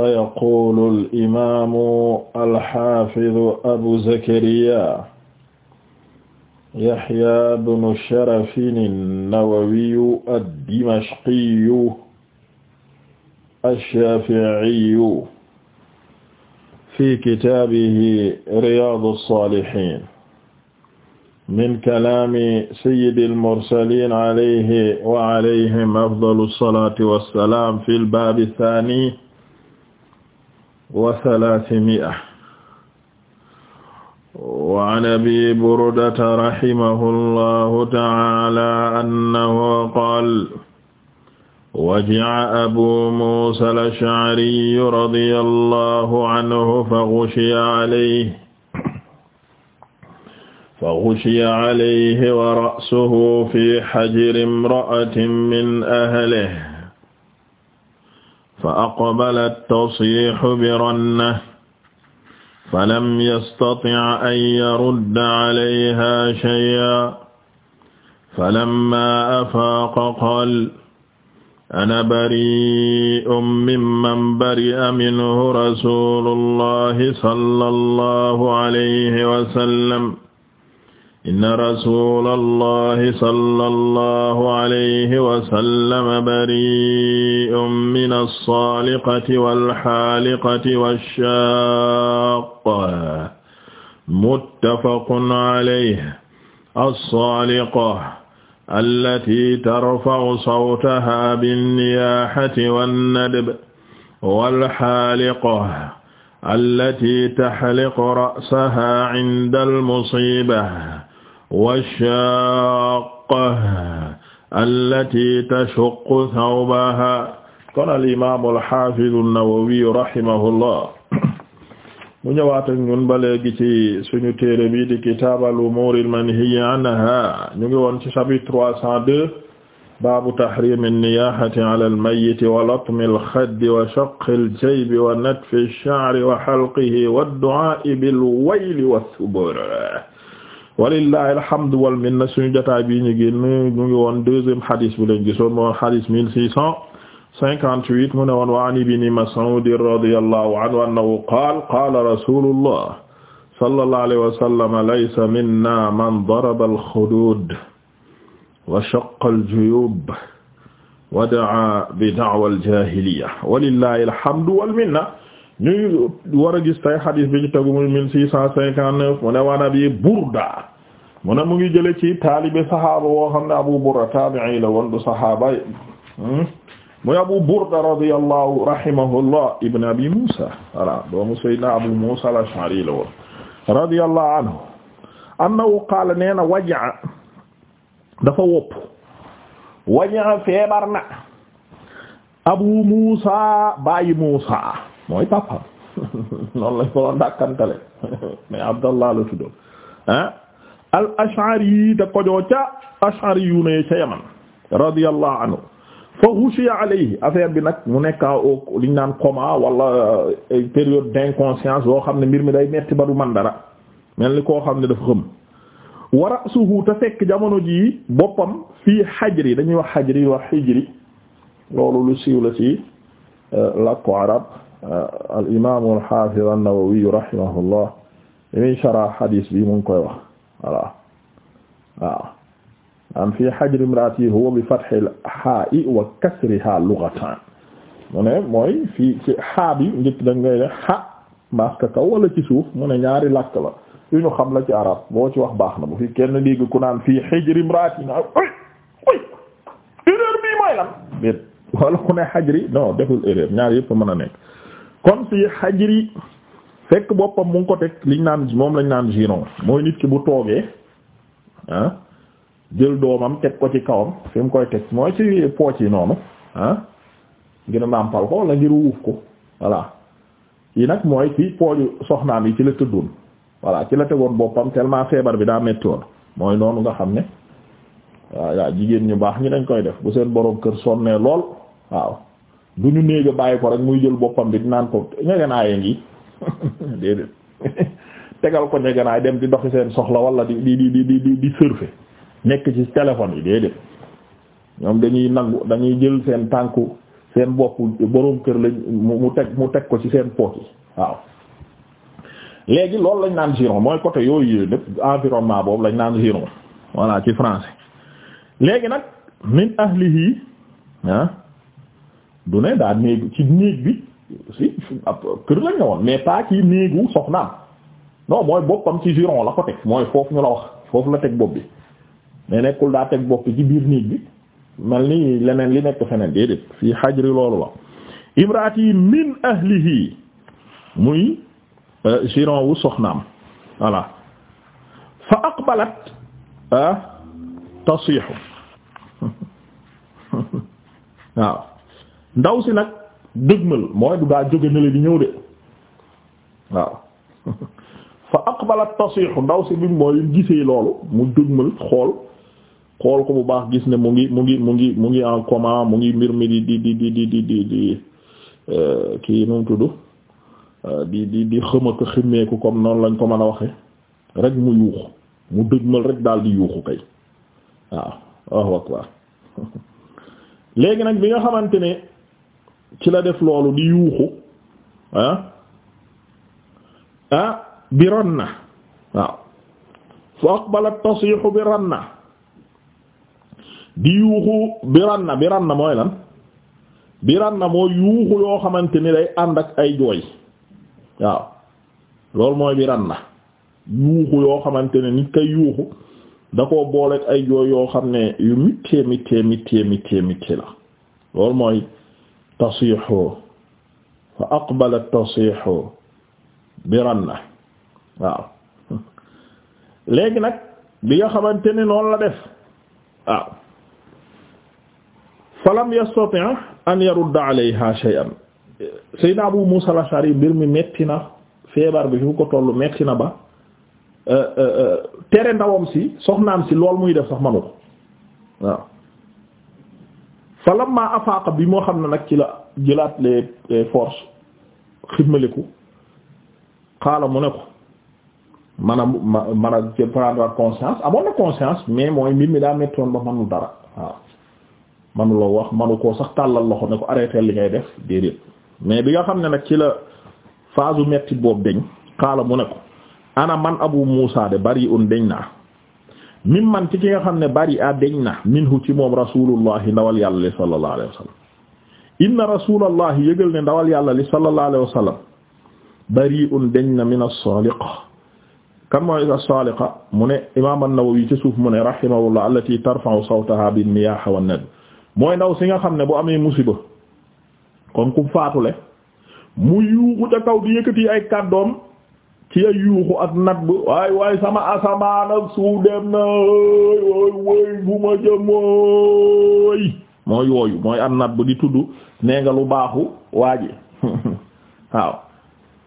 فيقول الإمام الحافظ أبو زكريا يحيى بن شرف النووي الدمشقي الشافعي في كتابه رياض الصالحين من كلام سيد المرسلين عليه وعليهم أفضل الصلاة والسلام في الباب الثاني wa salaasimia wa an abi burdata rahimahu llahu taala annahu qaal waji'a abu muusa al-ash'ariyu radiya allahu anhu faghushiya alayhi faghushiya alayhi wa ra'suhu fi hajri imra'atin min ahlihi fa aqbala at-tasyihu bi ranna falam yastati' an yarudda alayha shay'an falamma afaaqa qaala ana bari'un mimman bari'a minhu rasuulullahi sallallahu alayhi wa sallam inna rasulallahi sallallahu alayhi wa sallam bari'un mina as-saaliqati wal haaliqati wash-shaaqqati muttafaqun alayhi as-saaliqa allati tarfa'u sawtahaa bin-niyaahati wan-nadb wal-haaliqa allati tahliqu ra'sahaa 'inda al-musiibah washaqaha allati tashuqqu thawbaha kon al-imaam al-haafiz an-Nawawi rahimahullah mu ñëwaat ak ñun ba léegi ci suñu téere bi di kitaab al-umuur al-manhiyyi anhaa ñu ngi woon ci chapitre trois cent deux baabu tahriim an-niyaahati ala al-mayyit wa latmi al-xaddi wa shaqqi al-jaybi wa natfi ash-sha'ri wa halqihi wa ad-du'aa'i bil-wayli wa ath-thubur walillahi alhamdu wal minna suñu jotaay bi ñu génn ñu ngi woon deuxième hadith bi lañ gisoon moo hadith mille six cent cinquante-huit mu ne woon wa an ibni Mas'ud radiyallahu anhu annahu qaala qaala rasulullah sallallahu alayhi wa sallam laysa minna man daraba al-khudud wa shaqqa al-juyub wa da'a bi da'wa al-jahiliya walillahi alhamdu wal minna ñu war a gis tay hadith bi ci tegu muy mille six cent cinquante-neuf mu ne waan abi Burda mu ne mu ngi jële ci taalibe sahaaba woo xam ne Abu Burda taabi'i la woon du hmm? muy Abu Burda radiyallahu rahimahullah ibn Abi Musa Abu Musa al-Ash'ari la woon radiyallahu anhu annahu qaala nee na waja'a dafa wopp waja'a feebar na Abu Musa baayu Musa mooy papa noonu lañ ko doon dàkkantale Abdallah la tuddoon ah al ash'ari te ash'ari yu ne ca yaman radiyallahu anhu fa ghushiya alayhi affaire bi nag mu nekk li ñu naan coma wala euh, période d'inconscience boo xam ne mbir mi day metti ba du man dara mel ni koo xam ne dafa xëm wa ra'suhu te fekk jamono jii boppam fii xajri dañuy wax xajri wax xijri loolu lu siiw la euh, arab euh, al imaamu al xaafiz an-Nawawi rahimahullah li muy sharah xadiis bi mu ngi koy wax voilà waaw am fii hajri imraati huwa bi fathil haa'i wa kasriha lughatan mu ne mooy fii ci xaa bi njëkk da ngay ne ha maska kaw ci suuf mu ne ñaari làkk la xam la ci arab boo ci wax baax na bu fi kenn dégg ku naan fii hajri imraati na oy oy erreur bii mooy lan déet wala ku ne hajri non deful erreur ñaar yëpp mën a nekk kon fii hajri fekk boppam mu ngi ko teg liñ naan moom lañ naan giron mooy nit ki bu toogee ah, jël doomam teg ko ci kawam fi koy teg mooy ci pooc yi noonu ah ko wala ngir wuuf ko voilà yi nag mooy ci pooju soxnaam yi ci la tëddoon voilà ci la tegoon boppam tellement feebar bi daa metti woon mooy noonu nga xam ne waaw waaw jigéen ñu baax ñi lañ koy def bu seen borom kër sonnee lool waaw du ñu néega bàyyi ko rek muy jël boppam bi di naan ko ñegenaaye ngi déedéet tegal ko ñeganaay dem di doxi seen soxla wala di di di di di di surfe nekk ci téléphone yi déedéet ñoom dañuy nangu dañuy jël seen tànku seen bopp boroom kër lañ mu teg mu teg ko ci seen poot yi waaw léegi loolu lañ naan giron mooy côté yooyu lépp environnement boobu lañ naan giron voilà ci français léegi nag min ahlihi ah du ne daa néeg ci néeg bi si ab kër lañ ne woon mais pas ci néegu soxnaam non mooy boppam ci giron la ko teg mooy foofu ñu la wax foofu la teg bopp bi mais nekkul daa teg bopp ci biir néeg bi mel ni leneen li nekk feneen déedéet fii xajri loolu la imraati min ahlihi muy euh, giron wu soxnaam voilà fa aqbalat ah tasiixu waaw ndaw si nag dëgmal mooy du daa jóge nele di ñëw de waaw fa aqbalat tasiixu ndaw si bi mooy gisee loolu mu dëgmal xool xool ko bu baax gis ne mu ngi mu ngi mu ngi mu ngi en comment mu ngi mbir mi di di di di di di di euh, kii nu mu tudd euh, di di di xëma ko ximmeeku comme noonu lañ ko mën a waxee rek mu yuuxu mu dëgmal rek daal di yuuxu kay waaw wax wax léegi nag bi nga xamante ne ci la def loolu di yuuxu ah ah bi ranna waaw fa aqbalat tasiixu bi ranna di yuuxu bi ranna bi ranna mooy lan bi ranna mooy yuuxu yoo xamante ni day ànd ak ay jooy waaw loolu mooy bi ranna yuuxu yoo xamante ne nit kay yuuxu da koo booleek ay jooy yoo xam ne yu mittee mittee mittee mittee mittee la loolu mooy tasixu fa aqbalat tasixu biranna waaw léegi nag bi nga xamante ne noonu la def waaw falam yastati' an yarudda alayha shay'an sayyidina Abu Musa al-Ash'ari mbir mi metti na feebar bi fi ko tollu metti na ba euh, euh, euh, tere ndawam si soxnaam si lool muy def sax manu ko waaw fa lamma afaaqa bi moo xam ne nag ci la jëlaat les forces ximaliku xaala mu ne ko man a ma man a prendre conscience amoon na conscience mais mooy mbir mi daa mettoon ba mënu dara waaw mënu wax mënu koo sax tàllal loxo ne ko li ngay def déedéet mais bi nga xam ne nag ci la phase metti boobu deñ xaala mu ne ko man abu muusa de bari un deñ naa min man ci nga xam ne bari a deñ na minhu ci moom rasulullahi ndawal yàlla li sallallahu alayhi wa sallam inna rasulallahi yëgal ne ndawal yàlla li sallallahu alayhi wa sallam bari'un deñ na min as-saliqa kan mooy as mu ne imam an ci suuf mu ne rahimahullah allati tarfa'u sawtaha bin miyah wa nad mooy ndaw si nga xam ne bu amee musiba kon ku faatule mu yuuxu ca kaw di yëkkati ay kàddoom ci ay yuuxu ak nat bu waay waay sama asamaan ak suuf dem na waay waay bu ma jëm waay mooy yooyu mooy am nat bu di tudd nee lu baaxu waaji waaw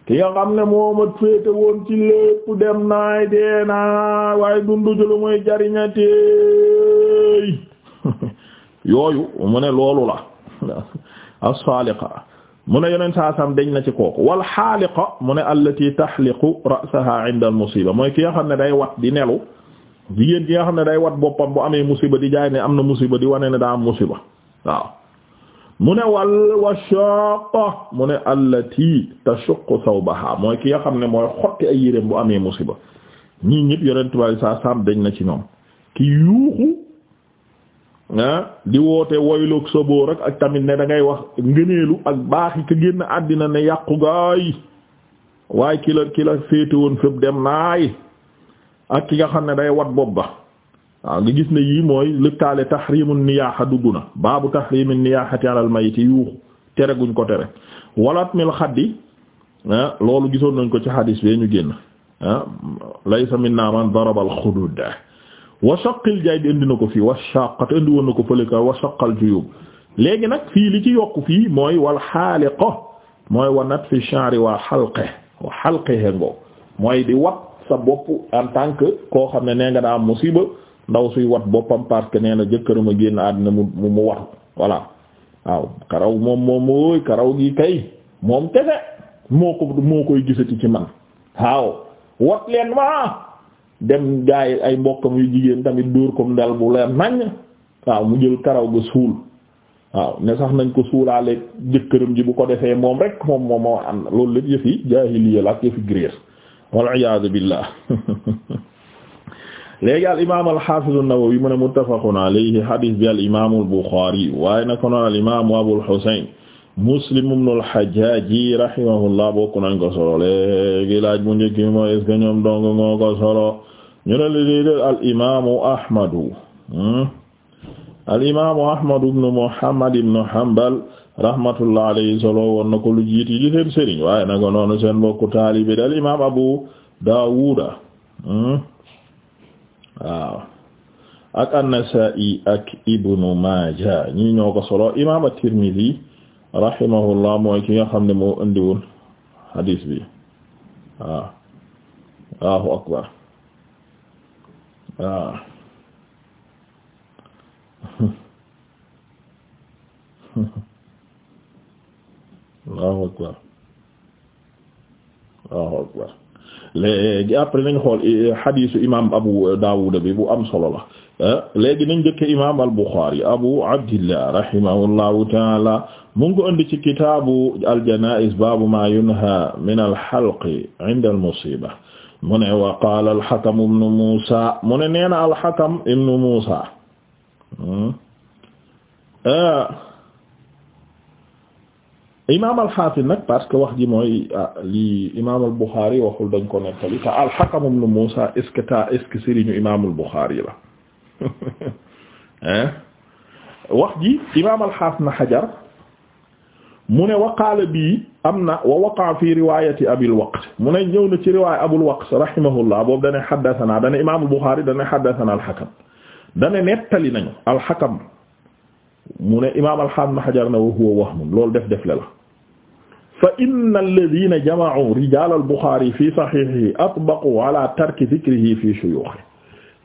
ki nga xam ne moo ma féete woon ci lépp dem naay dee naa waaye dundu ci lu muy jariñatee yooyu mu ne loolu la asfaaliqa mu ne yeneen saa sam deñ na ci kooku wal xaaliqa mu ne allati taxliqu rasaha inda al musiba mooy ki nga xam ne day wat di nelu jigéen ki nga xam ne day wat boppam bu amee musiba di jaay ne am na musiba di wane ne daa am musiba waaw mu ne wal washaqa mu ne allati tashuqu sawbaha mooy ki nga xam ne mooy xotti ay yéreem bu amee musiba ñii ñëpp yonent bi saa sam deñ na ci ñoom ki yuuxu di woote woyloog soboo rek ak tamit ne da ngay wax ngëneelu ak baax yi ka génn àddina ne yàqu gaay waaye ki la ki la féete woon dem naay ak ki nga xam ne day wat bopp ba waaw nga gis ne yii mooy lëkkaale tahrimu niyaaxa dugg na baabu tahrimi niyaaxati alal mayiti yuuxu tere guñ ko tere walaat mil xaddi loolu gisoon nañ ko ci xadiis bee ñu génn laysa minna man darabal xuduud wa shaqil jayd indi na ko fii wa shaqat indi woon na ko fële ka wa shaqal juyub léegi nag fii li ci yokk fii mooy wal xaaliqa mooy wa natfi sha'ri wa xalqe wa xalqehe ngoo mooy di wat sa bopp en tant que koo xam ne nee nga daa am musiba ndaw suy wat boppam parce que nee na jëkkëram a génn àddina mu mu watu voilà waaw karaw moom moom mooy karaw gi kay moom kese moo ko moo koy gisati ci man waaw wat leen ma dem gaay ay mbokkam yu jigéen tamit dóor comme dal bu leer naññ waaw mu jël karaw ba suul waaw ne sax nañ ko suulaale jëkkëram ji bu ko defee moom rek moom moom moo am loolu lépp yëfi jaahiliya la ak yëfi gréer wal iyaadu billah léegi al imaam al xaafiz an-Nawawi mu ne muttafaqun alayhi hadith bi al imaam al Buxaari waaye naka noonu al imaam Abul Husayn Muslim ibn al Hajjaj rahimahullah bokk nañ ko solo léegi laaj bu njëkk mooy est ñoom ñu ne li déedéel al imaamu Ahmadu hmm? al imaamu Ahmadu ibnu Muhammad ibnu Hanbal rahmatullah alayhi solo woon na ko lu jiiti ji seen waaye nag noonu seen mbokku taalibe al imaam Abu Daawuda hmm? waaw ak an-Nasaa'i ak Ibnu Maaja ñi ñoo ko solo imaam at-Tirmidhi rahimahullah mooy ki nga xam ne moo indiwoon hadis bi waaw ah. Allahu akbar Allahu akbar léegi après nañ xool xadiisu eh, imaam Abu Daawuda bi bu am solo la eh, léegi nañ jëkke imaam al-Buxaari Abu Abdillah rahimahullahu taala mu ngi ko indi ci kitaabu al-janaa'iz baabu maa yunhaa min al-halqi inda al-musiiba mu ne wa qaala alxakam ibnu muusa mu ne nee na alxakam ibnu muusa hmm? ah. imaam alxaafid nag parce que wax ji mooy ah, lii imaam albuxaari waxul dañ ko nettali te alxakam ibnu muusa est-ce que ta est-ce que sëriñu imaam albuxaari la eh? wax ji imaam alxaafid na xajar mu ne waqaala bii am na wa waqa fi riwayati abil waqt mu ne ñëw na ci riwaaya abul waqt rahimahullah boobu dane xaddasanaa dane imaamul buxaari dane xaddasanaa alxakam dane nettali nañu alxakam mu ne imaam alxaam na xajar na wa huwa wahmun loolu def def la fa inna alladina jama'u rijaal albuxaari fi saxiixihi atbaqu ala tarki dikrihi fi shuyuuxihi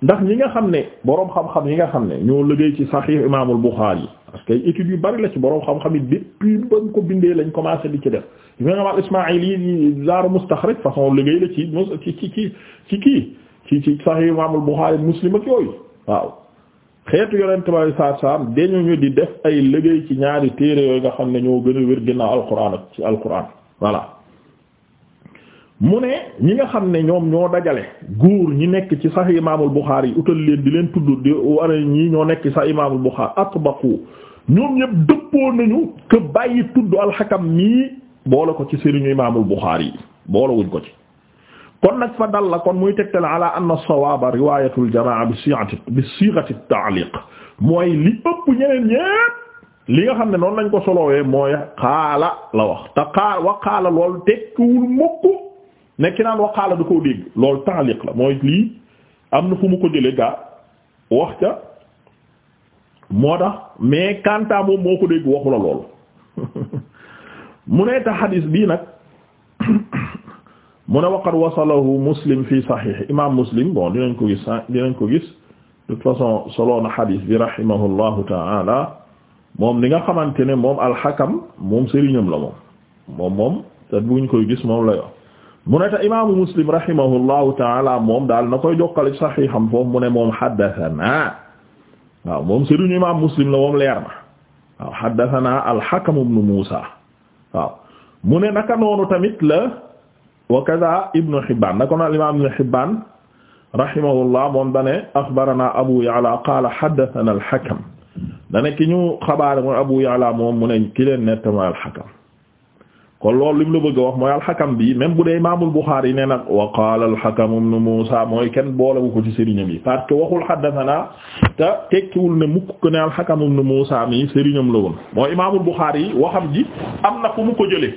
ndax ñi nga xam ne boroom xam-xam yi nga xam ne ñoo liggéey ci Sahih Imaamul Bukhari parce que études yu bari la ci boroom xam-xam yi depuis ba ñu ko bindee lañ commencé di ci def yu nga xam Ismaa'ili zaaru mustaxraj façon liggéey la ci ci ci ci ci kii ci ci Sahih Imaamul Bukhari Muslim ak yooyu waaw xeetu yonent bi saa saam dañu ñu di def ay liggéey ci ñaari téere yooyu nga xam ne ñoo gën a wér ginnaaw Alquran ak ci Alquran voilà. mu ne ñi nga xam ne ñoom ñoo dajale góor ñi nekk ci sax imaamul Buxaari yi utal leen di leen tudd di wara ñii ñoo nekk ci sax imaamul Buxaari atbaqu ñoom ñëpp dëppoo nañu que bàyyi tudd alxakam mii boole ko ci sëriñu imaamul Buxaari yi boole wuñ ko ci kon nag fa dal la kon muy tegtal ala anna sawaaba riwaayatul jamaa bi siixati bi siixati taaliq mooy li ëpp ñeneen ñépp li nga xam ne noonu lañ ko solowee mooy xaala la wax te xaala wa xaala loolu tekkiwul nekki naan waqaala du koo dégg loolu taaliq la mooy lii am na fu mu ko jëlee gaa wax ca moo tax mais kanta moom moo ko dégg waxu la lool mu ne ta xadis bii nag mu ne waqad wasalahu muslim fi saxiix imaam muslim bon dinañ ko gis dinañ ko gis de toute façon soloon na xadis bi rahimahullahu taala moom li nga xamante ne moom alxakam moom sëriñam la moom moom moom te buñ koy gis moom la yo mu ne te imaamu muslim rahimahullahu taala moom daal na koy jokkale saxiixam foofu mu ne moom haddathana waaw moom sëriñu imaamu muslim la moom leer na waaw al-Hakam ibn Muusa waaw ne naka noonu tamit la wa kaza Ibn Hibbaan naka noonu moom dane axbarana Abu Ya'la qaala haddathana al-Hakam dane ki ñu xabaar mooy Abu Ya'la moom mu ne ki leen al-Hakam kon loolu lim la bëgg a wax mooy alxakam bi même bu dee imaamul Buxaari nee na wa qaala alxakam ibnu Muusaa mooy kenn boolewu ko ci sëriñam yi parce que waxul haddasanaa te tekkiwul ne mukk ko ne alxakam ibnu Muusaa mi sëriñam la woon mooy imaamul Buxaari waxam ji am na fu mu ko jëlee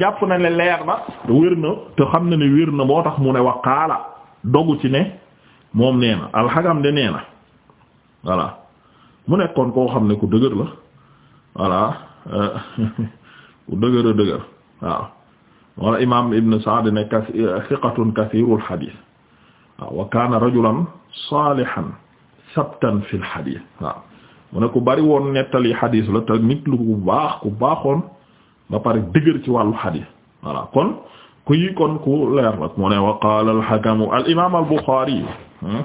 jàpp na ne leer na wér na te xam na ne wér na moo tax mu ne wa qaala dogu ci ne moom nee na alxakam de nee na mu nekkoon koo xam ne ku dëgër la voilà. bu dëgër a dëgër waaw wala imam ibn Sa'd ne thiqatun kathirul hadith waaw wa kana rajulan salihan sabtan fil hadith waaw mu ne ku bari woon nettali hadith la te nit lu ku baax ku baaxoon ba pare dëgër ci wàllu hadith voilà kon ku yi kon ku leer la mu ne wa qala al-hakam al-imam al-Bukhari hmm?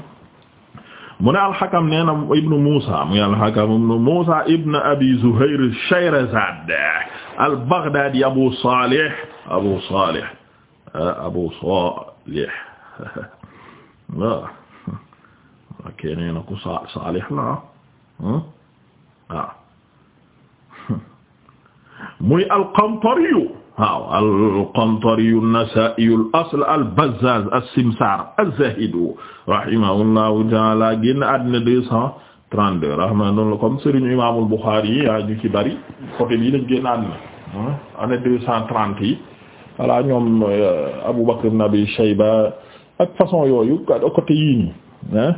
mu ne alxakam nee na ibnu Muusa muy alxakam ibnu Muusa ibn Abi Zuhayr Shayrazad al-Baghdadi Abu Salih Abu Salih ah, Abu Salih waaw ah. ok nee na ku sa Salih la ah waaw hmm? ah. muy al-Qantariyu waaw al-Qantariyu an-Nasa'iyu al-asl al-Bazzaz as-Simsar az-Zahidu rahimahullahu ta'ala génn àddina deux cent 32 rahma noonu la comme Serigne Imam Al-Bukhari yi yaa ñu ci bari côté bii lañ génn àddina année deux cent trente yi voilà ñoom euh, Abu Bakr ibn Abi Shayba ak façon yooyu côté yii nii ah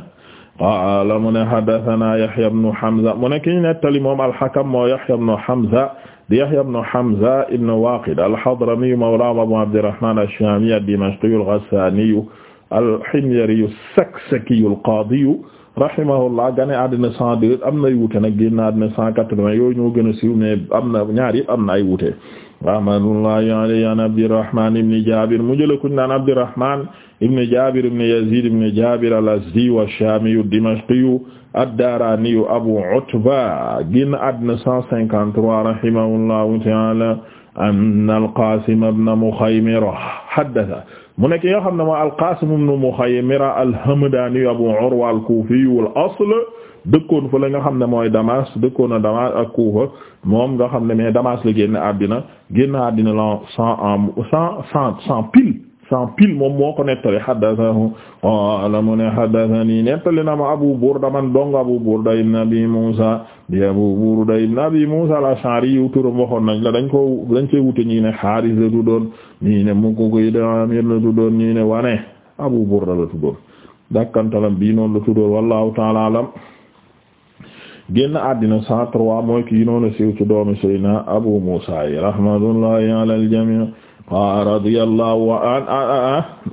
qaala mu ne haddathana Yahya ibn Hamza mu ne ki ñu nettali moom al-Hakam moo Yahya ibn Hamza di Yahya ibn Hamza ibn Waqid al-Hadrami mawla Abu Abdirrahman ash-Shami ad-Dimashqi al-Ghassani al-Himyari as-Saksaki al-Qadi rahimahullah gane àddina cent deux am na ay wuute nag génn àddina cent quatre-vingts yooyu ñoo gën a siiw mais am na ñaar yëpp am na ay wuute rahmatullahi alayhi an Abdirrahman ibn Jabir mu jël ko naan Abdirrahman ibn Jabir ibn Yazid ibn Jabir al-Azdi wash-Shami ad-Dimashqi ad-Darani Abu Utba génn àddina cent cinquante-trois rahimahullahu ta'ala an al-Qasim ibn Mukhaymir haddatha mu nekk yoo xam ne moo al-Qasim ibn Mukhaymira al-Hamdani Abu Urwa al-Kufi al-asl dëkkoon fa la nga xam ne mooy Damas dëkkoon a Damas ak Kufa moom nga xam ne mais Damas la génn àddina génn àddina la cent cent cent pile san pile moom moo ko nettali haddathahu qaala mu ne haddathani nettali na ma Abu Burda man dong Abu Burda ibn Abi Musa di Abu Burda ibn Abi Musa al-Ash'ari yu turam waxoon la dañ ko dañ cee wute ñi ne Haaris la tuddoon ñi ne Muqayqid Amir la tuddoon ñi ne wane Abu Burda la tuddoon dakkantalam bii noonu la tuddoon wallahu ta'ala alam génn àddina 103 mooy kii noonu siiw ci doomi Seydina Abu Musa rahmatullahi ala al-jami' wa radiyallahu an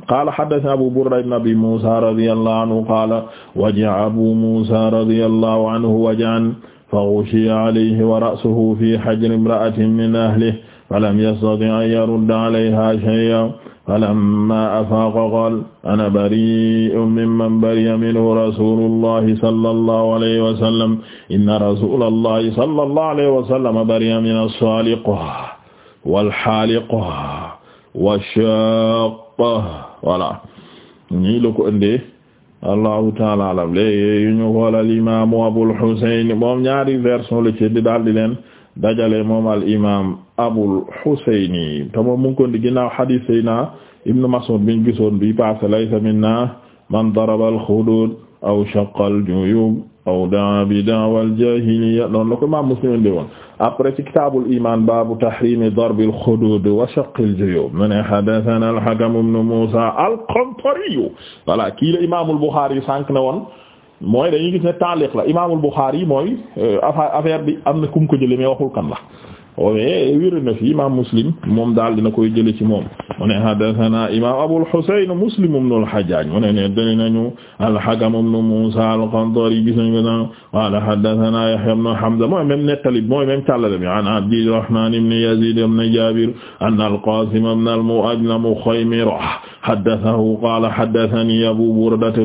qala haddathana abu burda ibn abi musa radiyallahu anhu qala waja'a abu musa radiyallahu anhu wajan faghushiya alayhi wa ra'suhu fi hajri imra'atin min ahlihi falam yastati' an yarudda alayha shay'an falamma afaaqa qaala ana bari'un mimman bari'a minhu rasulullahi sallallahu alayhi wa sallam inna rasulallahi sallallahu alayhi wa sallam bari'a mina as-saaliqah walxaaliqa washaqa voilà ñii la ko ëndee allahu taala alam léegi yu ñu xool al imaamu abul husayn moom ñaari version la ci di daal di leen dajale moom al imaam abul husayni te moom mu ngi ko di ginnaaw xadiis sayna ibnu mas'ud biñ gisoon bi passé laysa minna man daraba al xudud aw shaqqa al juyub aw daa bi daawal jahiliya noonu la ko imaam Muslim indi après ci kitaabul iimaan baabu tahriimi darbil xuduud wa shaqqil juyuub mu ne haddasanaa al-Hakam ibnu Muusaa al-Qantari voilà kii la imaamul Buxaari sànq ne woon mooy dañuy gis la taaliq la imaamul Buxaari mooy euh, affaire bi am na ku mu ko jëlee mais waxul kan la. waaye oh, wér na fi imam Muslim moom daal dina koy jële ci moom mu ne hadathana imam Abul Husayn Muslim ibn al-Hajjaj mu ne ne dali nañu al-Hakam ibn Musa al-Qantari gis nañ ko na wala hadathana Yahya ibn Hamza mooy même nettali mooy même càllale bi an Abdirrahman ibn Yazid ibn Jabir anna al-Qasim ibn al-Mu'adlam Khuymira haddathahu qala haddathani Abu Burda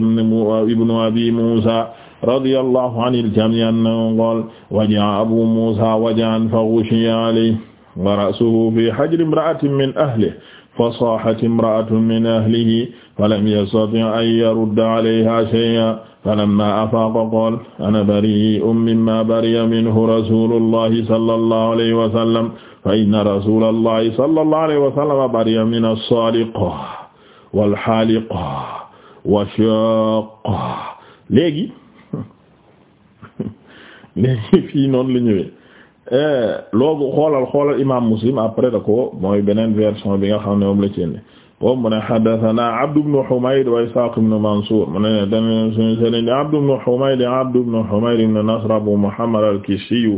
ibn Abi Musa radiyallahu anil jamii annahu qaala waja'a abu muusaa waj'an faghushiya alayhi wa ra'suhu fi hajri imra'atin min ahlihi fasaahat imra'atun min ahlihi falam yastati' an yarudda alayha shay'an falammaa afaaqa qaala ana bari'un mimmaa bari'a minhu rasuulullahi sallallahu alayhi wa sallam fa inna rasuulallahi sallallahu alayhi wa sallam bari'a mina as-saaliqa wal haaliqa wa shaaqa léegi léegi fii noonu la ñëwee eh, loolu xoolal xoolal imaam muslim après da ko mooy beneen version bi nga xam ne moom la ci indi moom mu ne haddathana Abd ibn Humayd wa Ishaq ibn Mansur mu ne dañu suñu sëriñ Abd ibn Humayd Abd ibn Humayd ibn Nasr Abu Muhammad al-Kishiyu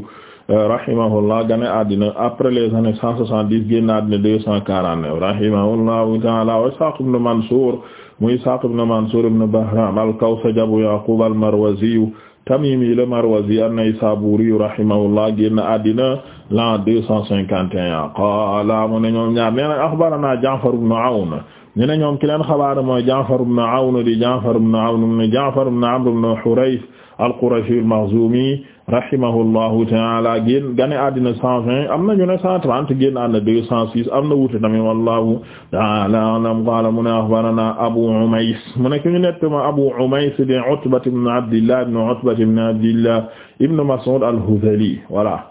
eh, rahimahullah gane àddina après les années cent soixante-dix génn àddina deux cent quarante-neuf rahimahullahu ta'ala wa Ishaq ibn Mansur muy Ishaq ibn Mansur ibn Bahram al-Kawsaj Abu Yaqub al-Marwazi Tamimi le Marwazi an-Naysaburi rahimahullah génn àddina l'an deux cent cinquante et un qaala mu ne ñoom ñaar nee na axbaranaa Ja'far ibn Awn ñu ne ñoom ki leen xabaar mooy Ja'far ibn Awn di Ja'far ibn Awn ibn Ja'far ibn Amr ibn Hurayth al-Qurashi al-Makhzumi rahimahullahu taala génn gane àddina cent vingt am na ñu ne cent trente génn àddina deux cent six am na wuute tamit wallahu taala alam qala mu ne akhbarana Abu Umays mu ne ki ñu nett ma Abu Umays di Utba ibn Abdillah ibn Utba ibn Abdillah ibn Mas'ud al-Hudhali voilà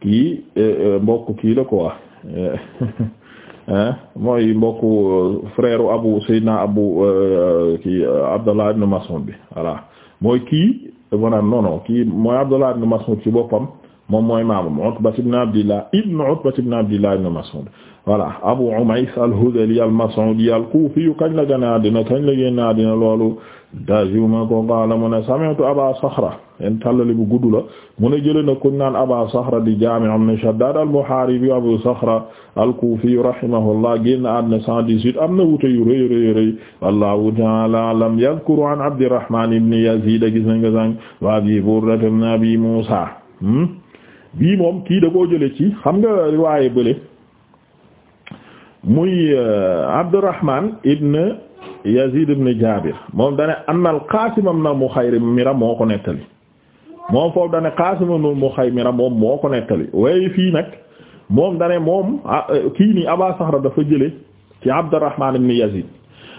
kii eh, eh, mbokk kii la quoi eh, mooy mbokku frère Abu Sayyidina Abu kii Abdallah ibn Mas'ud bi voilà mooy kii dama naan non non kii mooy Abdullah ibn Mas'ud ci boppam moom mooy maamam Utba ibn Abdillah ibn Utba ibn Abdillah ibn Mas'ud voilà Abu Umays al-Hudhali al-Mas'udi al-Kufi kañ la gane àddina kañ la génn àddina loolu dajuma ko qaala mu ne sami'tu Aba Sakhra en tallali bu gudd la mu ne jëlee na kuñ naan Aba Sakhra di Jami' ibn Shaddad al-Muharibi Abu Sakhra al-Kufi rahimahullah génn àddina 118 am na wuute yu rëy rëy rëy wallahu ta'ala a'lam yadhkuru an Abdirrahman ibn Yazid gis nga sang wa Abi Burda ibn Abi Musa hmm? bii moom kii da koo jële ci xam nga riwaaye bële muy euh, Abdurrahman ibn Yazid ibn Jabir moom dane anna al-Qasim ibn Mukhaymira moo ko nettali moom foofu dane Qasim ibn Mukhaymira moom moo ko nettali waaye fii nag moom dane moom ah, euh, kii nii Aba Sahra dafa jële ci Abdurrahman ibn Yazid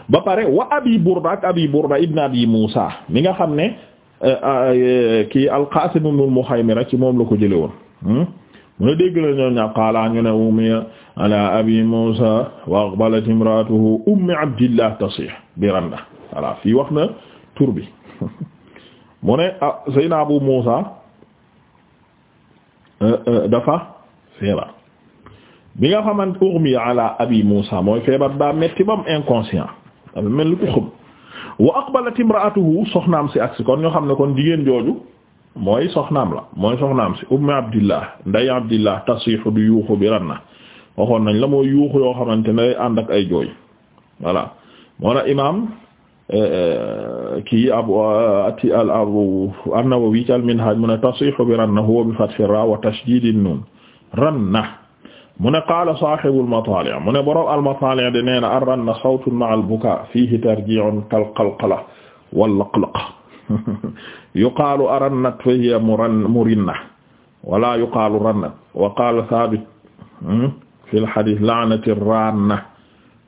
ba pare wa Abi Burda ak Abi Burda ibn Abi Musa mi nga xam ne euh, kii al-Qasim ibn Mukhaymira ci moom la ko jële woon Hmm? mu ne dégg la ñoom ñaar qaala ñu abi musa wa aqbalat imraatuhu ummi abdillah tasih bi randa voilà wax na tur bi mu ne ah abu musa euh, euh, dafa feebar bi nga xamante umiya abi musa mooy feebar daa metti bam inconscient dafa mel lu wa aqbalat imraatuhu soxnaam si aksi kon ñoo xam ne kon jigéen jooju mooy soxnaam la mooy soxnaam si ummi abdillah nday abdillah tasiixu du yuuxu bi ranna waxoon nañ la mooy yuuxu yoo xamante ne day ànd ak ay jooy voilà moo na imaam eh, eh, kii abu ati al abu an-Nawawi ci al-Minhaj mu ne tasiixu bi ranna huwa bi fathi ra wa tashdidi nun ranna mu ne qaala saahibu al-mataali' mu ne borom al-mataali' de nee na ar-ranna sawtun ma'a al-bukaa fiihi tarji'un kal qalqala wal laqlaqa yuqaalu arannat fa hiya murinna wala yuqaalu rannat wa qaala Saabit hmm, fi lhadith laanati ranna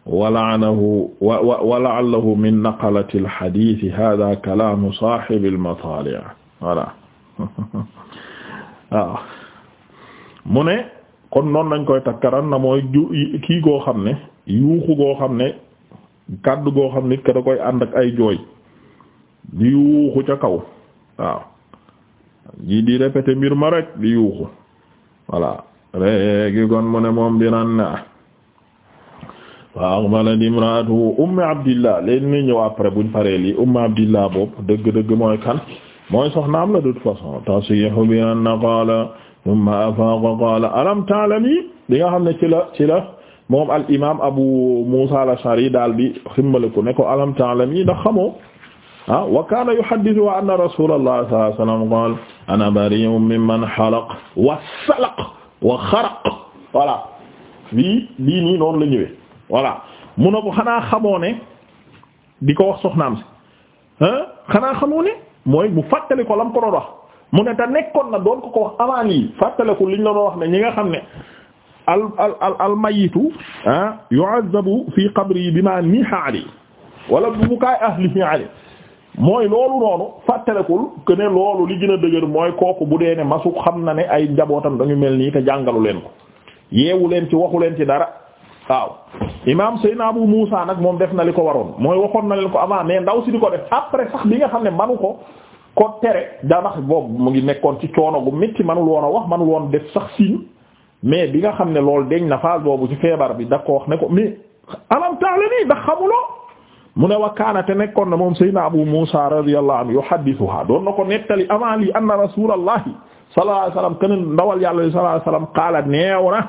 wa laanahu wa la'allahu min naqalati lhadithi hada kalaamu saahibi lmataali' voilà waaw ah. mu ne kon noonu lañ koy takkaran na mooy ju kii goo xam ne yuuxu goo xam ne kàddu goo xam ne nit ka da koy ànd ak ay jooy di yuuxu ca kaw waaw ñi di répété mbir ma rek di yuuxu voilà léegi kon mu ne moom dinan na fa aqbalat imraatuhu ummi abdillah léegi ni ñëw après buñ paree lii ummi abdillah boobu dëgg-dëgg mooy kan mooy soxnaam la de toute façon tasihu bi anna qaala thumma afaaqa qaala alam ta'lami li nga xam ne ci la ci la moom al imam abu musa al ashari daal di ximmaliku ne ko alam ta'lami ndax xamoo ah wa kaana yuhaddithu anna rasuulallahi sallallahu alayhi wa sallam qaala ana bari'un mimman halaq wa salaq wa xaraq voilà fii lii nii noonu la ñëwee voilà ko xanaa xamoo ne di ko wax soxnaam si xanaa xamoo ne mooy mu fàttali ko lam ko doon wax mu ne te nekkoon na doon ko ko wax avant lii fàttaliku liñ la doon wax ne ñi nga xam ne al al al mayitu ah yu'azzabu fi qabri bima niha alayhi wala bu bukaay ahlihi alayhi mooy loolu noonu fàttalekul que ne loolu li gën a dëgër mooy kooku bu dee ne masu xam na ne ay njabootam dañu mel nii te jàngalu leen ko yeewu leen ci waxu leen ci dara waaw imaam Seydina Abu Muusa nag moom def na li ko waroon mooy waxoon na leen ko avant mais ndaw si di ko def après sax bi nga xam ne manu ko ko tere danax boobu mu ngi nekkoon ci coono gu métti manul woon a wax manul woon def sax siin mais bi nga xam ne loolu deñ na phase boobu ci feebar bi da ko wax ne ko mais alam ta'lamu ndax xamuloo mu ne wa kaana te nekkoon na moom Seydina Abu Musa radiyallahu anhu yuhaddithuha doon na ko nettali avant lii anna rasulallahi sallallahu alayhi wasallam kana ndawal yàlla sallallahu alayhi wasallam qaala neew na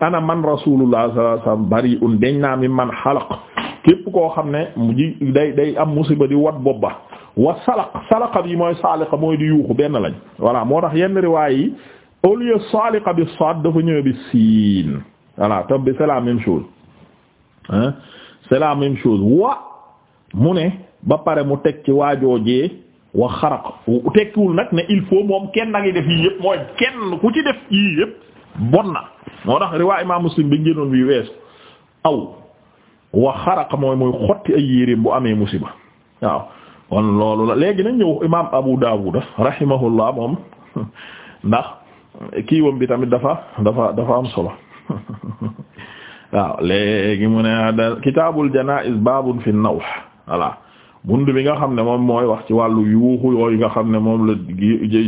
ana man rasulullah sallallahu alayhi wasallam bari'un deñ naa mi man xalaq képp koo xam ne mu ji day day am musiba di wat bopp ba wa salaq salaqa bi mooy saaliqa mooy di yuuxu benn lañ voilà moo tax yenn riwaay yi au lieu saaliqa bi saad dafa ñëw bi siin voilà toog bi c'est la même chose hein c'est la même chose wa mu ne ba pare mu teg ci waajoojee wa xaraq tekkiwul nag ne il faut moom kenn nag yi def yii yëpp mooy kenn ku ci def yii yëpp bon na moo tax riwaa imaam bi ngénoon bi weesu aw wa xaraq mooy mooy bu amee musiba waaw kon loolu la léegi nañ ñëw imaam abu daawud rahimahullah moom ndax kiiwam bi tamit dafa dafa dafa am solo waaw léegi mu ne kitaabul janaa'iz baabun fi nawh voilà buntu bi nga xam ne moom mooy wax ci wàllu yuuxu yooyu nga xam ne moom la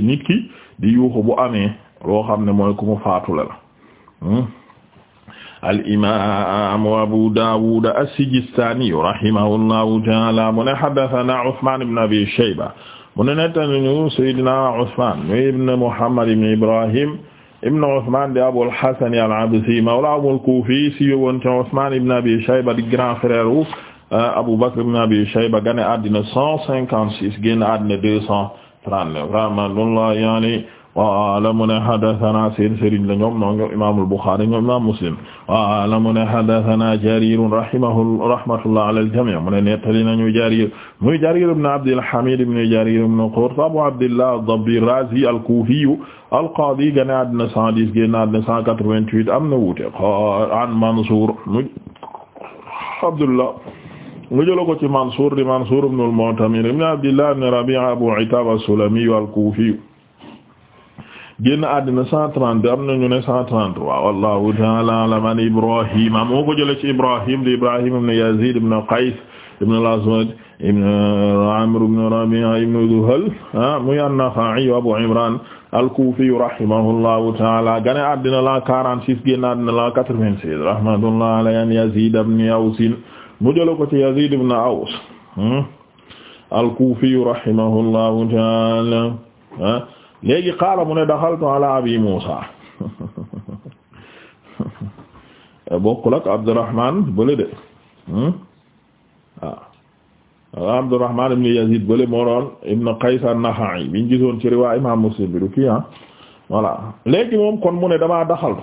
nit ki di yuuxu bu amee loo xam ne mooy ku mu faatu la la hmm? al imaamu abu daawud as-sijistaani rahimahullahu taala mu ne haddathana usmaan ibn abi shayba mu ne nettanañu sayyidina usmaan muy ibn muhammad ibn ibrahim ibn usmaan di abul hasan al-absi mawla al-kuufi si yowoon ci usmaan ibn abi shayba di grand frère Euh, Abu Bakr ibn Abi Shayba gane addina cent cinquante six génn addina deux cent trente neuf rahmatullah yaani wala mu ne hadathana seen sëriñ la ñoom noon ñoom imamul Bukhari ñoom imam Muslim wala mu ne hadathana Jarir rahimahu rahmatullah ala al-jami' mu ne nettali nañu Jarir muy Jarir ibn Abdil Hamid ibn Jarir ibn Qurt Abu Abdillah ad-Dabbi ar-Razi al-Kufi al-Qadi gane addina cent dix génn addina cent quatre-vingt-huit am na wuute an Mansur mu Abdullah mu jëla ko ci Mansuur di Mansuur ibn al-Mu'tamir ibn Abdillah ibn Rabi'a Abu Itab as-Sulami al-Kufi génn àddina 132 am nañu ne 133 wallahu ta'ala a'lam an Ibrahima moo ko jële ci Ibrahim di Ibrahim ibn Yazid ibn Qays ibn al-Aswad ibn Amr ibn Rabi'a ibn Duhal muy an-Nakha'i Abu Imran al-Kufi rahimahullahu ta'ala gane àddina la 46 génn àddina la 96 rahmatullahi alayhi an Yazid ibn Yawsin mu jëla ko ci Yazid ibn Aws hmm? al-Kufi rahimahullahu ta'ala léegi qaala mu ne daxaltu ala abi Musa bokkul ak Abdurrahman bële de hmm? ah. waaw Abdurrahman ibn Yazid bële moo doon ibn Qays an-Nakha'i ci riwaaya Imam Muslim bi du kii ah voilà léegi moom kon mu ne damaa daxaltu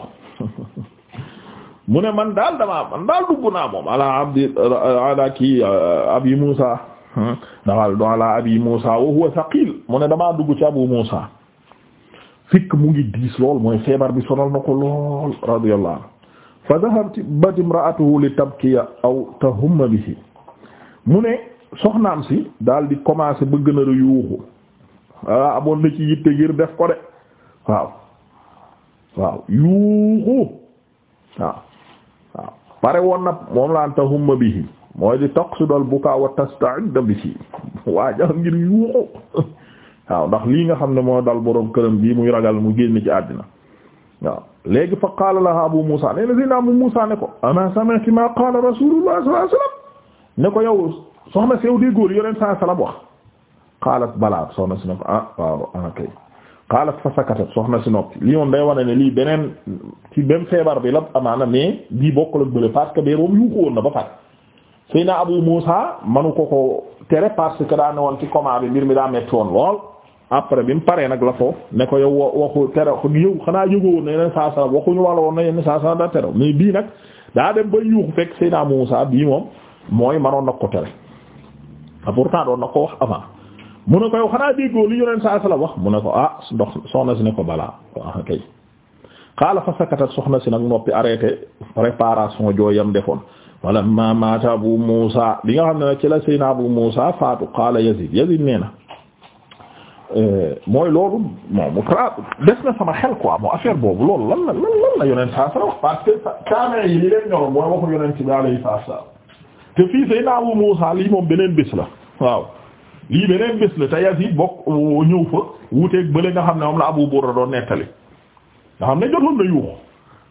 mu ne man daal damaa man daal dugg naa moom ala euh, abi Musa daal do ala abi Musa wa thaqil mu ne damaa dugg ci abu Musa fikk mu ngi diis lool mooy feebar bi sonal na ko lool radiyallahu anhu fa dhahabat imra'atuhu li tabkiya aw tahumma bihi mu ne soxnaam si daal di commencé bëgg na yuuxu wala amoon na ci yitte ngir def ko de waaw waaw yuuxu waaw pare woon nag moom laan tahumma bihi mooy di taqsidul buka wa tasta'id bihi waajal ngir yuuxu waaw ndax lii nga xam ne moo dal boroom këram bii muy ragal mu génn ci àddina waaw léegi fa qaala laha abu musa nee na si abu musa ne ko ama sami'ti ma qaala rasulullah sallallahu alayhi wasallam ne ko yow soxna si yow déggóol wax qaalat balaa soxna si ne ko ah waaw ah xaalat fa sakatat soxna si noppi lii moom day wane ne lii beneen ci même feebar bi la na mais bii bokkul ak bële parce que bee moom yuuxu woon na ba pare Seyna Abu Muusa manu ko ko tere parce que daa ne woon ci coma bi mi daa metti woon lool après bi mu paree nag la ko ne ko yow waxu tere xanaa yëgoo woon na yeneen saa saa waxuñu wala woon na yeneen daa tere mais bii nag daa dem ba yuuxu fekk Seyna Muusa bii moom mooy manoon nag ko tere pourtant doon na ko wax avant mu a ko yow xanaa déggoo li yoneen saa sala wax mu ne ko ah ndox soxna si ne ko balaa ah, kay xaala fa sakata soxna si nag noppi arrêté préparation jooyam defoon wala ma mata abu musa li nga xam ne nag ci la seyna abu musa faatu xaala yazid yazid nee eh, mooy loolu moom mu tra des na sama xel quoi moo affaire boobu loolu lan la lan lan la yoneen wax parce que yi li leen ñoroon mooy waxu yoneen ci bi alayhi salaam te fii seyna abu musa lii moom beneen bés la waaw lii beneen bés la te Yazid bokk ñëw fa wuuteeg bële nga xam ne moom la Abu Burda doon nettali nga xam ne jotoon na yuuxu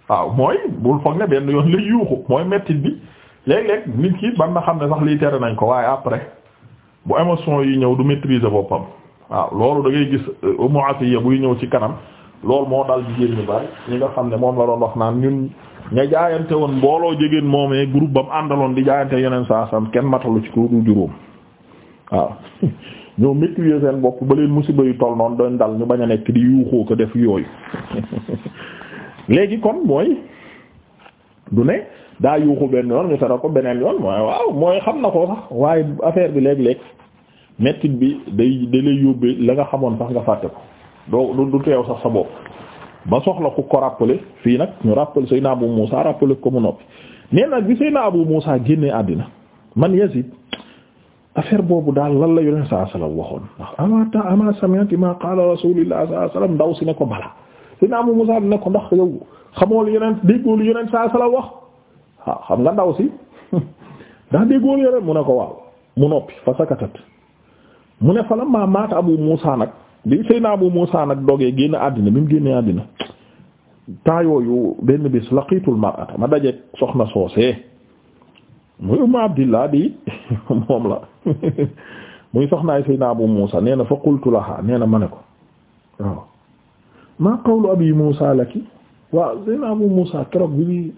waaw mooy bul foog ne benn yoon la yuuxu mooy mettit bi léeg-léeg nit ki ban na xam ne sax lii tere nañ ko waaye après bu émotion yi ñëw du maîtriser boppam waaw loolu da ngay gis euh, Ummu Atiyya buy ñëw ci kanam loolu moo dal jigéen ñu bari ñi nga xam ne moom la doon wax naan ñun ña jaayante woon mbooloo jigéen moomee groupe bam àndaloon di jaayante yeneen saa kenn matalu ci ko du juróom waaw ñoo maîtriser seen bopp ba leen musiba yu toll noonu doon dal ñu bañ a nekk di yuuxoo ko def yooyu léegi kon mooy du ne daa yuuxu benn yoon ñu tere ko beneen yoon mooy waaw mooy xam na ko sax waaye affaire bi léeg-léeg mettit bi day da lay yóbbee la nga xamoon sax nga fàtte ko doo du teew sax sa bopp ba soxla ku ko rappeler fii nag ñu rappeler Seydina Abu Muusa rappeler ko mu noppi nee nag bi Seydina Abu Muusa génnee àddina man Yazid affaire boobu daal lan la yoneen saa sallam waxoon ndax amata ama sami'ti ma qala rasulullah saa sallam ndaw si ne ko bala dina amu Musa ne ko ndax yow xamoo lu yoneen déggoo lu yoneen saa wax ah, xam nga ndaw si ndax déggoo lu mu ne ko waaw mu noppi fa sakatat mu ne fa la ma maata Abu Musa nag bi Seydina Abu Musa nag dogee génn àddina bi mu génnee àddina temps yooyu benn bis laqiitul mar'ata ma dajeek soxna soosee muy ummu abdillah di moom la muy soxnaay sayna abu muusa nee na fa qultu laha nee na ma ne ko waaw maa qawlu abi muusa laki waaw sayna abu muusa keroog bi bi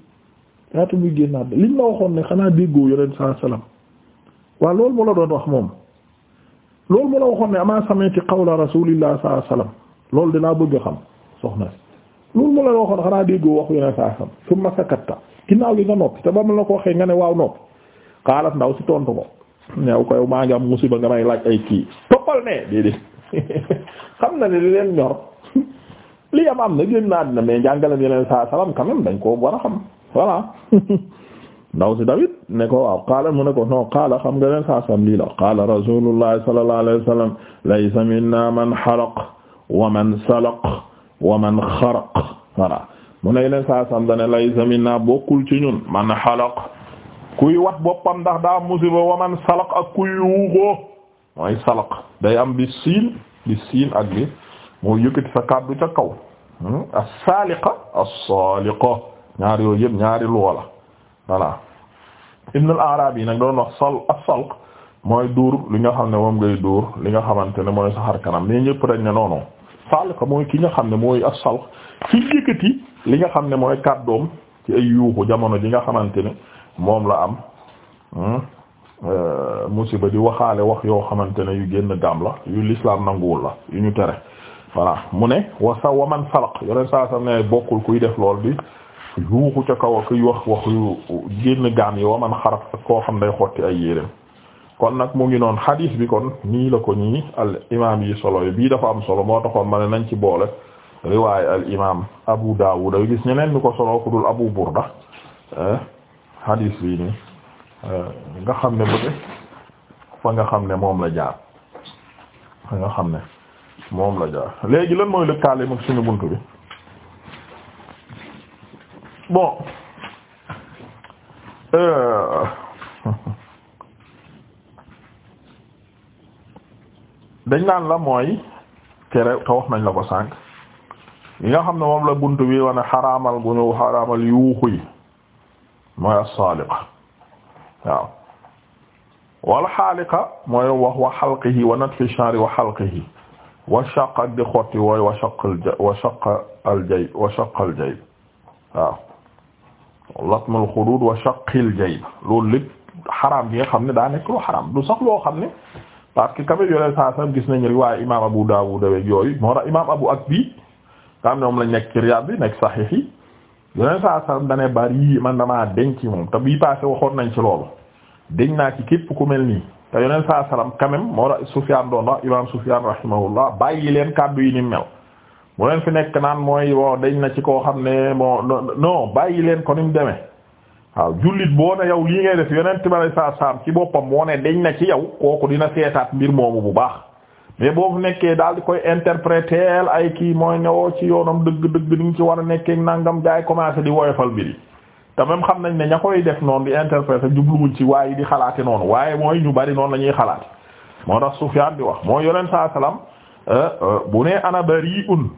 yaatu muy génnaat de liñ la waxoon ne xanaa déggoo yonent saa salaam waaw loolu mu la doon wax moom loolu mu la waxoon ne amaa sami'ti qawla rasulillah saa salaam loolu dinaa bëgg xam soxna si loolu mu la waxoon xanaa déggoo waxu yonent saa salaam summa sakatta ginnaaw li nga noppi te ba la ko waxee nga ne waaw noppi xaalat ndaw si tontu ko ñëw ko yow maa ngi am musiba nga may laaj ay kii ne déedéet xam na ne li leen ñor li am am na génn naa dina mais njàngale saa salaam quand même dañ koo war a xam ndaw si David ne ko waaw qaala mu ne ko non qaala xam nga leen saa salaam lii la qaala rasuulullahi sallallahu alayhi wa sallam laysa minna man halaq wa man salaq wa man xaraq mu ne leen saa salaam dana laysa minna bokkul ci ñun man halaq kuy wat boppam ndax daa musiba waman salak ak kuy yuuxoo mooy salak day am bi siin bi siin ak bi moo yëkkati sa kàddu ca kaw hmm? as-saaliqa as-saaliqa ñaar yooyu yëpp ñaari loola voilà Ibn al yi nag doon wax sal as-salq mooy duur li nga xam ne moom ngay duur li nga xamante ne mooy saxar kanam mais ñëpp dañ ne noono saaliqa mooy ki nga xam ne mooy as-salq fi yëkkati li nga xam ne mooy kàddoom ci ay yuuxu jamono ji nga xamante ne moom la am hmm, euh, musiba di waxaale wax yoo xamante ne yu génn gàm la yu lislaam nanguwul la yu ñu tere voilà mu ne wax wasa waman falaq yoneen saa sam ne bokkul kuy def lool bi yuuxu ca kaw kuy wax wax yu génn gaam yi waman xaraf ak koo xam day xotti ay yéreem kon nag mu ngi noon xadiis bi kon nii la ko ñii al imaam yi solo yi bii dafa am solo moo taxoon ma ne nañ ci boole riwaay al imaam Abu Daawud gis ñeneen ñu ko solo ku dul Abu Burda eh? hadis bi ni euh, nga xam ne bu fa nga xam ne moom la jaar fa nga xam ne moom la jaar léegi lan mooy lëkkaale mag suñu bunt bi bon euh, dañ naan la mooy tere te wax nañ la ko sànk yi nga xam ne moom la bunt bi ne xaraamal bu ñu xaraamal yuuxu yi mooy as-saaliqa waaw wal xaaliqa mooy wax wa xalqihi wa natfi sha'ri wa xalqihi wa shaq ak di xotti wooy wa shaq wa shaq al-jayb wa shaq al-jayb waaw latm al-xuduud wa shaqil jayb loolu lépp xaraam bi nga xam ne daa nekk lu xaraam du sax loo xam ne parce que kamet yooyu saa sam gis nañ riwaay imaam Abu Daawuud ak yooyu moo tax imaam Abu Akbi tam ñoom lañ nekk ci Riyaad bi nekk saxiix yi yoneen saa salam dane bari man damaa denc moom te bii passé waxoon nañ ci loolu deñ naa ci képp ku mel nii te yoneen saa salam quand même moo tax Sufyaan doon wax imam Sufyaan rahimahullah bàyyi leen kàddu yi ni mel mu leen fi nekk naan mooy wo dañ na ci koo xam ne moo non bàyyi leen ko ni mu demee waaw jullit boo ne yow lii ngay def yonent bi alay saa salam ci boppam moo ne deñ na ci yow kooku dina seetaat mbir moomu bu baax mais boo fi nekkee daal di koy interpréter ay kii mooy newoo ci yoonam dëgg dëgg ni ci war a nekkee nangam jaay commencé di woyofal biri te même xam nañ ne ña koy def noonu di interpréter jubluwuñ ci waaye di xalaate noonu waaye mooy ñu bari noonu la ñuy xalaate moo tax Sufyaan di wax mooy yonent saa salaam eh, eh, bu ne ana bari'un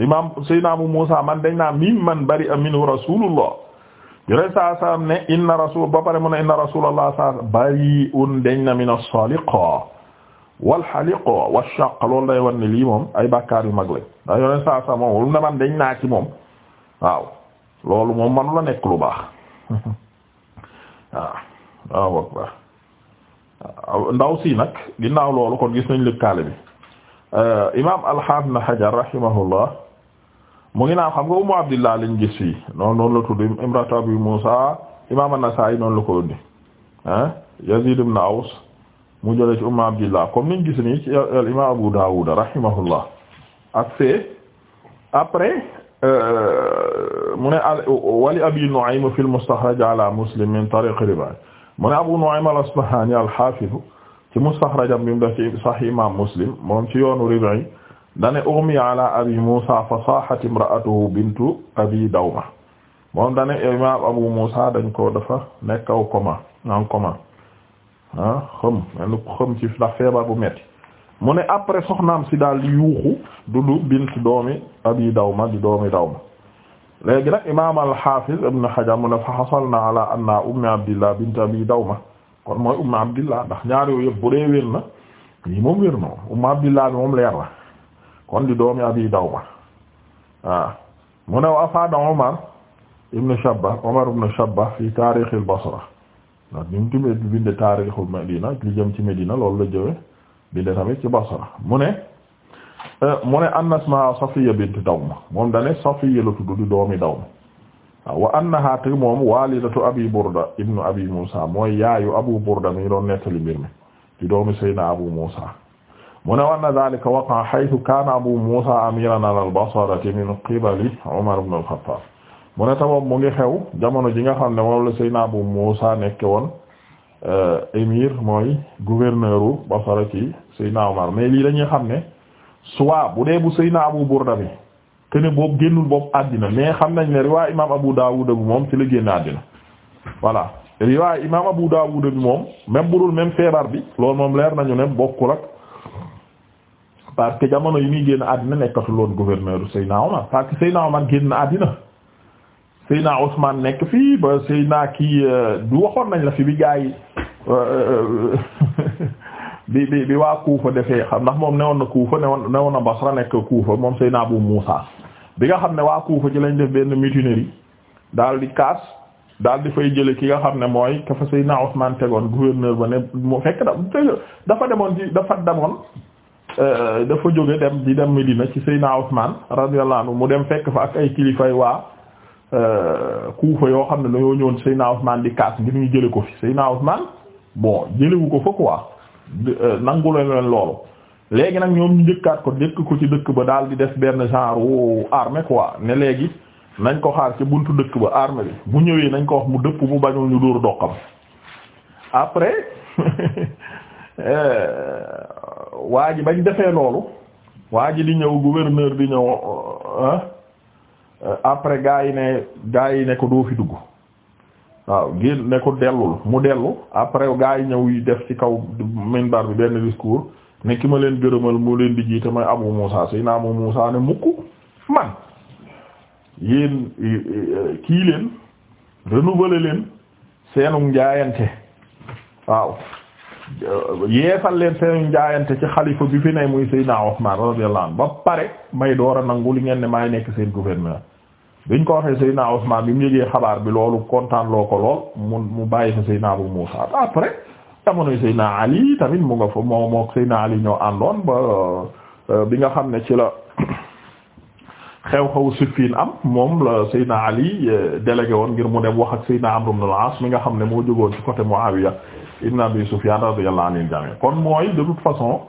imam Seydina Abu Muusa man dañ naa mim man bari'a minhu Rasulullah yonent saa salaam ne inna rasul ba pare mu ne inna Rasulullah saa bari'un dañ na min as-saliqa wal xaliqu wal shaq loolu day war lii moom ay bàkkaar yu mag lañ ndax yoneen saa saa moom lu ne man dañ naa ci moom waaw loolu moom man la nekk lu baax waaw ndaw si nag ginnaaw lool kon gis nañ lëkkaale bi euh, imaam al-Hafiz na Hajar rahimahullah mu ngi naan xam nga Ummu Abdillah lañ gis fii noonu noonu la tudd imratu Abi Musa imaam an-Nasa'i noonu la ko wëndi ah, Yazid ibn Aws mu jëlee ci umma abdillah comme niñ gis nii ci al imam Abu Dawud rahimahullah ak fee euh, mu ne wali abi Nu'aym fi al-mustaxraj ala Muslim min tariq Ribaay mu ne Abu Nu'aym al-Asbahaani al-Haafiz ci mustaxrajam bi mu imam Muslim moom ci yoonu Ribaay dane ughmi ala abi fa saahat imra'atuhu bintu abi Dawma moom dane imam Abu Muusa dañ ko dafa nekk aw coma en coma ah xëm xëm ci ndax feebar bu metti mu ne après soxnaam si daal yuuxu dudu bint doomi abi dawma di doomi dawma léegi nag imam al-Hafiz ibn Hajar mu ne fa hasalna ala anna ummi abdillah bint abi dawma kon mooy ummi abdillah ndax ñaar yooyu bu dee wér na moom wér ummi abdillah bi moom leer na kon di doomi abi dawma waaw mu ne wa afaada ibn Shabbah Umar ibn Shabbah fi tarikh al-Basra ndax bi mu timee bind taarixul Medina ak li jëm ci Medina loolu la jëwe bind tamit ci Basra mu ne euh, mu ne anna Safiya bint Dawma moom dane Safiya la tudd di doomi Dawma ah, wa annaha te moom walidatu Abi Burda ibnu Abi Musa mooy yaayu Abu Burda mi doon nettali mbir mi di doomi Seydina Abu Musa mu ne wa anna dhalika waqa'a haythu kana Abu Musa amiran ala al-Basrati min qibali Umar ibn al mu ne tamam mu ngi xew jamono ji nga xam ne moom la Seydina Abu Muusa nekke woon euh, émir mooy gouverneur u Basra ci Seydina Umar mais lii dañuy xam ne soit bu dee bu Seydina Abu Burda bi te ne boobu génnul boobu àddina mais xam nañ ne riwaay imaam Abu Daawud bi moom ci la génn àddina voilà riwaay imaam Abu Daawud bi moom même bu dul même feebar bi loolu moom leer nañu ne bokkul ak parce que jamono yi muy génn àddina nekkatul woon gouverneur u Seydina Umar parce que Seydina Umar Seydina Ousmane nekk fii ba naa kii euh, du waxoon nañ la fi bi gaa yi euh, euh, bi bi bi waa Kuufa defee xam ndax moom newoon na Kuufa newoon newoon na Basra nekk Kuufa moom Seydina Abu Muusa bi nga xam ne waa Kuufa ci lañ def benn mutinerie daal di kaas daal di fay jële ki nga xam ne mooy ka fa naa Ousmane tegoon gouverneur ba ne mu fekk dafa demoon dafa demoon dafa jóge dem di dem Medina ci Seydina Ousmane radiyallahu anhu mu dem fekk fa ak ay kilifay waa Euh, Kufa yoo xam ne dañoo ñëwoon Seyna Ousmane di kaas ngir ñu jële ko fi Seyna Ousmane bon jëlewu ko fa quoi euh, nangu leen leen loolu léegi nag ñoom ñu njëkkaat ko dëkk ko ci dëkk ba daal di def benn genre armée quoi ne léegi nañ ko xaar ci buntu dëkk ba armée bi bu ñëwee nañ ko wax mu dëpp bu bañul ñu dóor doqam après euh, waa ji bañ defee loolu waa ji di ñëw gouverneur di ñëw Euh, après gaa yi ne gaa yi ne ko doo fi dugg waaw ngir ne ko dellul mu dellu après gaa yi ñëw yi def ci kaw minbar bi benn discours ne ki ma leen gërëmal mu leen di jiite may Abu Musa Seydina Abu Musa ne mukk man yéen euh, kii leen renouveler leen seenum njaayante waaw euh, yeesal leen seenum njaayante ci xalifa bi fi ne muy Seydina Ousmane radiyallahu anhu ba pare may door a nangu li ngeen ne maay nekk seen gouverneur biñ ko waxee Seydina Ousmane bi mu yëgee xabaar bi loolu kontaan loo ko lool mu mu bàyyi fa Seydina Abu Muusa après jamonoy Seydina Ali tamit mu nga fa moo mook Seydina Ali ñoo àndoon ba euh, bi nga xam ne ci la xew-xew Siffin am moom la Seydina Ali euh, délégué woon ngir mu dem wax ak am Amr ibn al-As mi nga xam ne moo jógoon ci côté Muawiya ibn Abi Sufyan radiyallahu anhu kon mooy de toute façon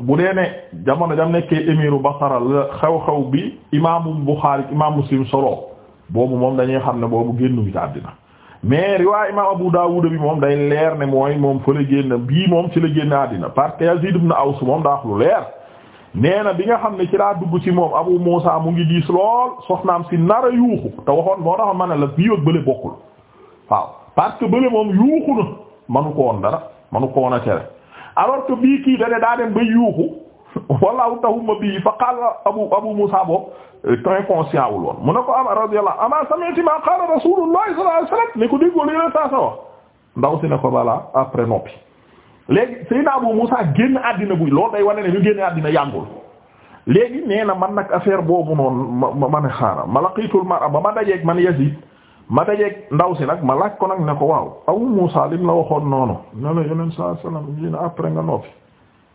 bu dee ne jamono jam nekkee émiru Basra la xew-xew bi imaamu Buxaari imaam si solo boobu moom dañuy xam ne boobu génnu ci àddina mais riwaay imaam Abu Daawud bi moom day leer ne mooy moom fa la génn bii moom ci la génn àddina parce que Yaziid ibn Aws moom daa wax lu leer nee na bi nga xam ne ci laa dugg ci moom Abu Muusa mu ngi diis lool soxnaam si nara a yuuxu te waxoon moo tax ma ne la bii ak bële bokkul waaw parce que bële moom yuuxu na manu ko dara manu ko woon a tere alors que bii kii dane daa dem ba yuuxu wallahu tahuma bii fa qaala abu abu musa boobu euh, très conscient wul mu ne ko am radiyallahu ama sami'ti ma qaala rasulullah sallallahu alayhi wasallam ne ko déggoo li leen saa sa wax ndaw si ne ko balaa après noppi léegi Seydina Abu Musa génn àddina buy lool day wane ne ñu génn àddina yàngul léegi nee na man nag affaire boobu noonu ma ma ne xaaral ma laqiitul mar'a ba ma dajeeg man Yazid ma dajeeg ndaw si nag ma laaj ko nag ne ko waaw Abu Muusa lim la waxoon noonu ne la yoneen saa salaam yi na après nga noppi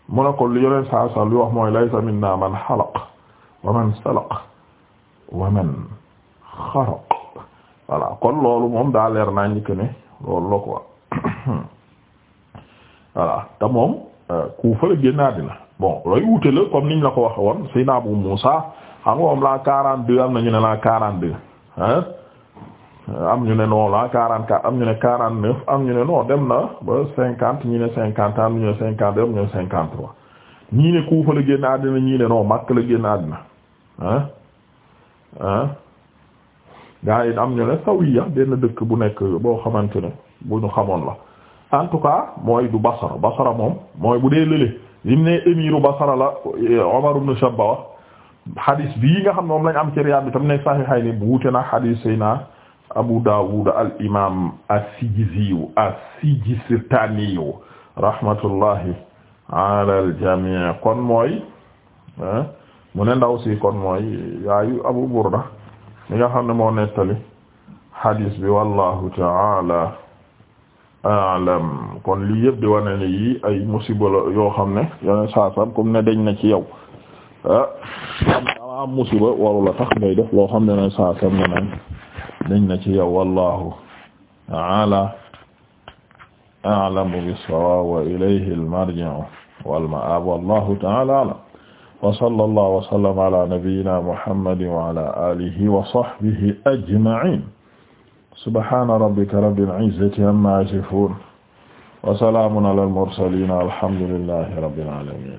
mu ne ko li yoneen saa salaam li wax mooy laysa minna man xalaq wa man salaq wa man xaraq voilà kon loolu moom daa leer naa ñi ne loolu la quoi voilà te moom euh, ku fële génnaa dina bon looy wute comme niñ la ko waxe woon Seydina Abu Muusa xam nga moom la 42 am nañu ne la 42 hein am ñu ne non la quarante quatre am ñu ne quarante neuf am ñu ne non dem na ba cinquante ñii ne cinquante am ñu ne cinquante am ñu cinquante trois ñii ne Kuufa la génn àddina ñii ne non Makka la génn àddina ah gaa yi am ñu ne Sawiya benn dëkk bu nekk boo xamante ne bu ñu xamoon la en tout cas mooy du Basra Basra moom mooy bu dee lële lim ne émiru Basra la Umar ibn Shabba wax hadis bii nga xam ne moom lañ am ci Riyad bi tam ne saxiixay ni bu wute na hadis Seyna Abu Dawud al imaam as-Sijiziyu as-Sijistaniyu rahmatullahi ala jamii kon mooy mu ne ndaw si kon mooy yaayu Abu Burda mi nga xam ne moo nettali hadis bi wallahu taala a'lam kon li yëpp di wane ne ay musiba la yoo xam ne yeneen saa saam comme ne dañ na ci yow ah am musiba waru tax ngay def loo xam ne yeneen saa ne naan. dañ na ci yow wallahu ta'ala a'lamu bis-sawab wa ilayhi al-marji'u wal ma'ab wallahu ta'ala a'lam wa sallallahu wa sallama ala nabiyyina muhammadin wa ala alihi wa sahbihi ajma'in subhana rabbika rabbil izzati amma yasifun wa salamun ala al-mursalin alhamdulillahi rabbil alamin